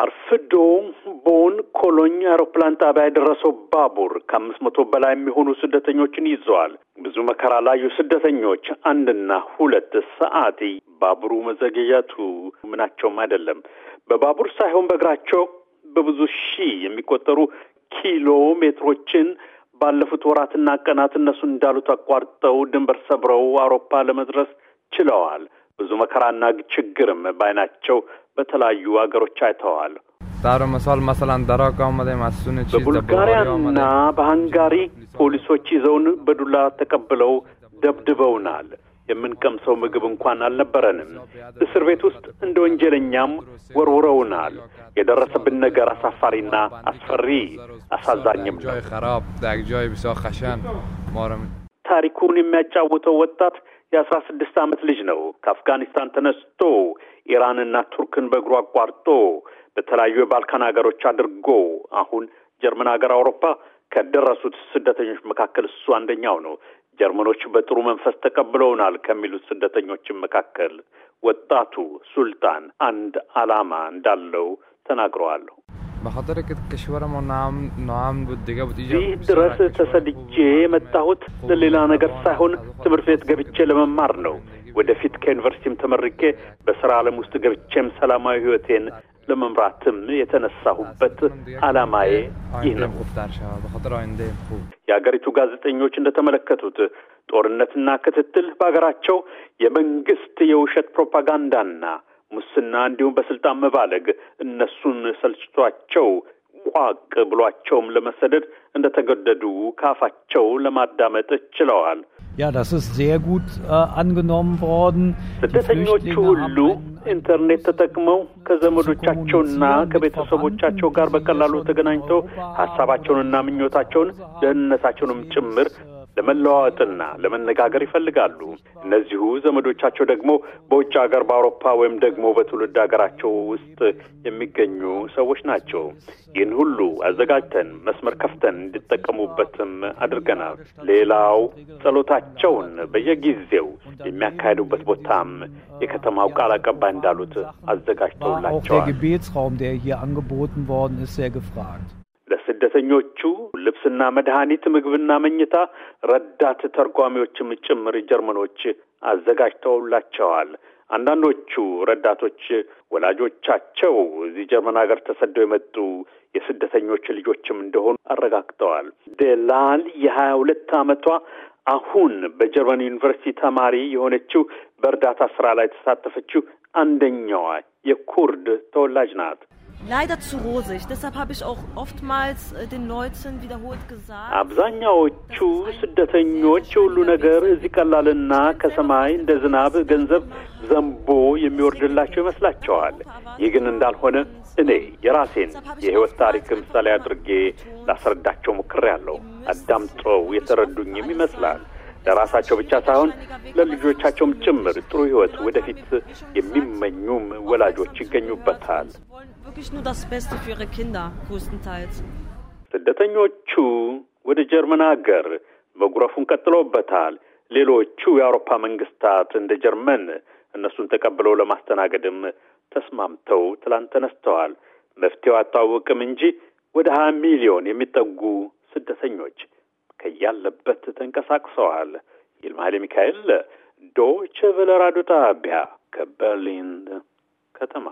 አርፍዶ ቦን ኮሎኝ አውሮፕላን ጣቢያ የደረሰው ባቡር ከአምስት መቶ በላይ የሚሆኑ ስደተኞችን ይዘዋል። ብዙ መከራ ላዩ ስደተኞች አንድና ሁለት ሰዓት ባቡሩ መዘገየቱ ምናቸውም አይደለም። በባቡር ሳይሆን በእግራቸው በብዙ ሺህ የሚቆጠሩ ኪሎ ሜትሮችን ባለፉት ወራትና ቀናት እነሱ እንዳሉት አቋርጠው ድንበር ሰብረው አውሮፓ ለመድረስ ችለዋል። ብዙ መከራና ችግርም በዓይናቸው በተለያዩ አገሮች አይተዋል። በቡልጋሪያና በሃንጋሪ ፖሊሶች ይዘውን በዱላ ተቀብለው ደብድበውናል። የምንቀምሰው ምግብ እንኳን አልነበረንም። እስር ቤት ውስጥ እንደ ወንጀለኛም ወርውረውናል። የደረሰብን ነገር አሳፋሪና አስፈሪ አሳዛኝም ነው። ታሪኩን የሚያጫውተው ወጣት የአስራ ስድስት ዓመት ልጅ ነው። ከአፍጋኒስታን ተነስቶ ኢራንና ቱርክን በእግሩ አቋርጦ በተለያዩ የባልካን ሀገሮች አድርጎ አሁን ጀርመን ሀገር አውሮፓ ከደረሱት ስደተኞች መካከል እሱ አንደኛው ነው። ጀርመኖች በጥሩ መንፈስ ተቀብለውናል ከሚሉት ስደተኞችን መካከል ወጣቱ ሱልጣን አንድ ዓላማ እንዳለው ተናግረዋል። በኸጠር ከሽበረሞ ይህ ድረስ ተሰድጄ የመጣሁት ለሌላ ነገር ሳይሆን ትምህርት ቤት ገብቼ ለመማር ነው። ወደፊት ከዩኒቨርሲቲም ተመርቄ በሥራ ዓለም ውስጥ ገብቼም ሰላማዊ ሕይወቴን ለመምራትም የተነሳሁበት ዓላማዬ ይህ ነው። የአገሪቱ ጋዜጠኞች እንደተመለከቱት ጦርነትና ክትትል በሀገራቸው የመንግስት የውሸት ፕሮፓጋንዳና ሙስና እንዲሁም በስልጣን መባለግ እነሱን ሰልችቷቸው ቋቅ ብሏቸውም ለመሰደድ እንደተገደዱ ካፋቸው ለማዳመጥ ችለዋል። ያ ዳስ äh, ስደተኞቹ ሁሉ ኢንተርኔት ተጠቅመው ከዘመዶቻቸውና ከቤተሰቦቻቸው ጋር በቀላሉ ተገናኝተው ሀሳባቸውንና ምኞታቸውን ደህንነታቸውንም ጭምር ለመለዋወጥና ለመነጋገር ይፈልጋሉ። እነዚሁ ዘመዶቻቸው ደግሞ በውጭ ሀገር በአውሮፓ ወይም ደግሞ በትውልድ ሀገራቸው ውስጥ የሚገኙ ሰዎች ናቸው። ይህን ሁሉ አዘጋጅተን መስመር ከፍተን እንዲጠቀሙበትም አድርገናል። ሌላው ጸሎታቸውን በየጊዜው የሚያካሄዱበት ቦታም የከተማው ቃል አቀባይ እንዳሉት አዘጋጅተውላቸዋል። ስደተኞቹ ልብስና መድኃኒት፣ ምግብና መኝታ፣ ረዳት ተርጓሚዎችም ጭምር ጀርመኖች አዘጋጅተውላቸዋል። አንዳንዶቹ ረዳቶች ወላጆቻቸው እዚህ ጀርመን ሀገር ተሰደው የመጡ የስደተኞች ልጆችም እንደሆኑ አረጋግጠዋል። ደላል የሀያ ሁለት ዓመቷ አሁን በጀርመን ዩኒቨርሲቲ ተማሪ የሆነችው በእርዳታ ስራ ላይ የተሳተፈችው አንደኛዋ የኩርድ ተወላጅ ናት። leider zu rosig. Deshalb habe ich auch oftmals äh, den Leuten wiederholt gesagt. አብዛኛዎቹ ስደተኞች ሁሉ ነገር እዚህ ቀላልና ከሰማይ እንደ ዝናብ ገንዘብ ዘንቦ የሚወርድላቸው ይመስላቸዋል። ይህ ግን እንዳልሆነ እኔ የራሴን የህይወት ታሪክ ምሳሌ አድርጌ ላስረዳቸው ያለው አዳምጠው የተረዱኝም ይመስላል። ለራሳቸው ብቻ ሳይሆን ለልጆቻቸውም ጭምር ጥሩ ሕይወት ወደፊት የሚመኙም ወላጆች ይገኙበታል። ስደተኞቹ ወደ ጀርመን አገር መጉረፉን ቀጥለውበታል። ሌሎቹ የአውሮፓ መንግስታት እንደ ጀርመን እነሱን ተቀብለው ለማስተናገድም ተስማምተው ትላንት ተነስተዋል። መፍትሄው አታወቅም እንጂ ወደ ሀያ ሚሊዮን የሚጠጉ ስደተኞች ከያለበት ተንቀሳቅሰዋል። ይልማ ኃይለ ሚካኤል ዶይቼ ቬለ ራዲዮ ጣቢያ ከበርሊን ከተማ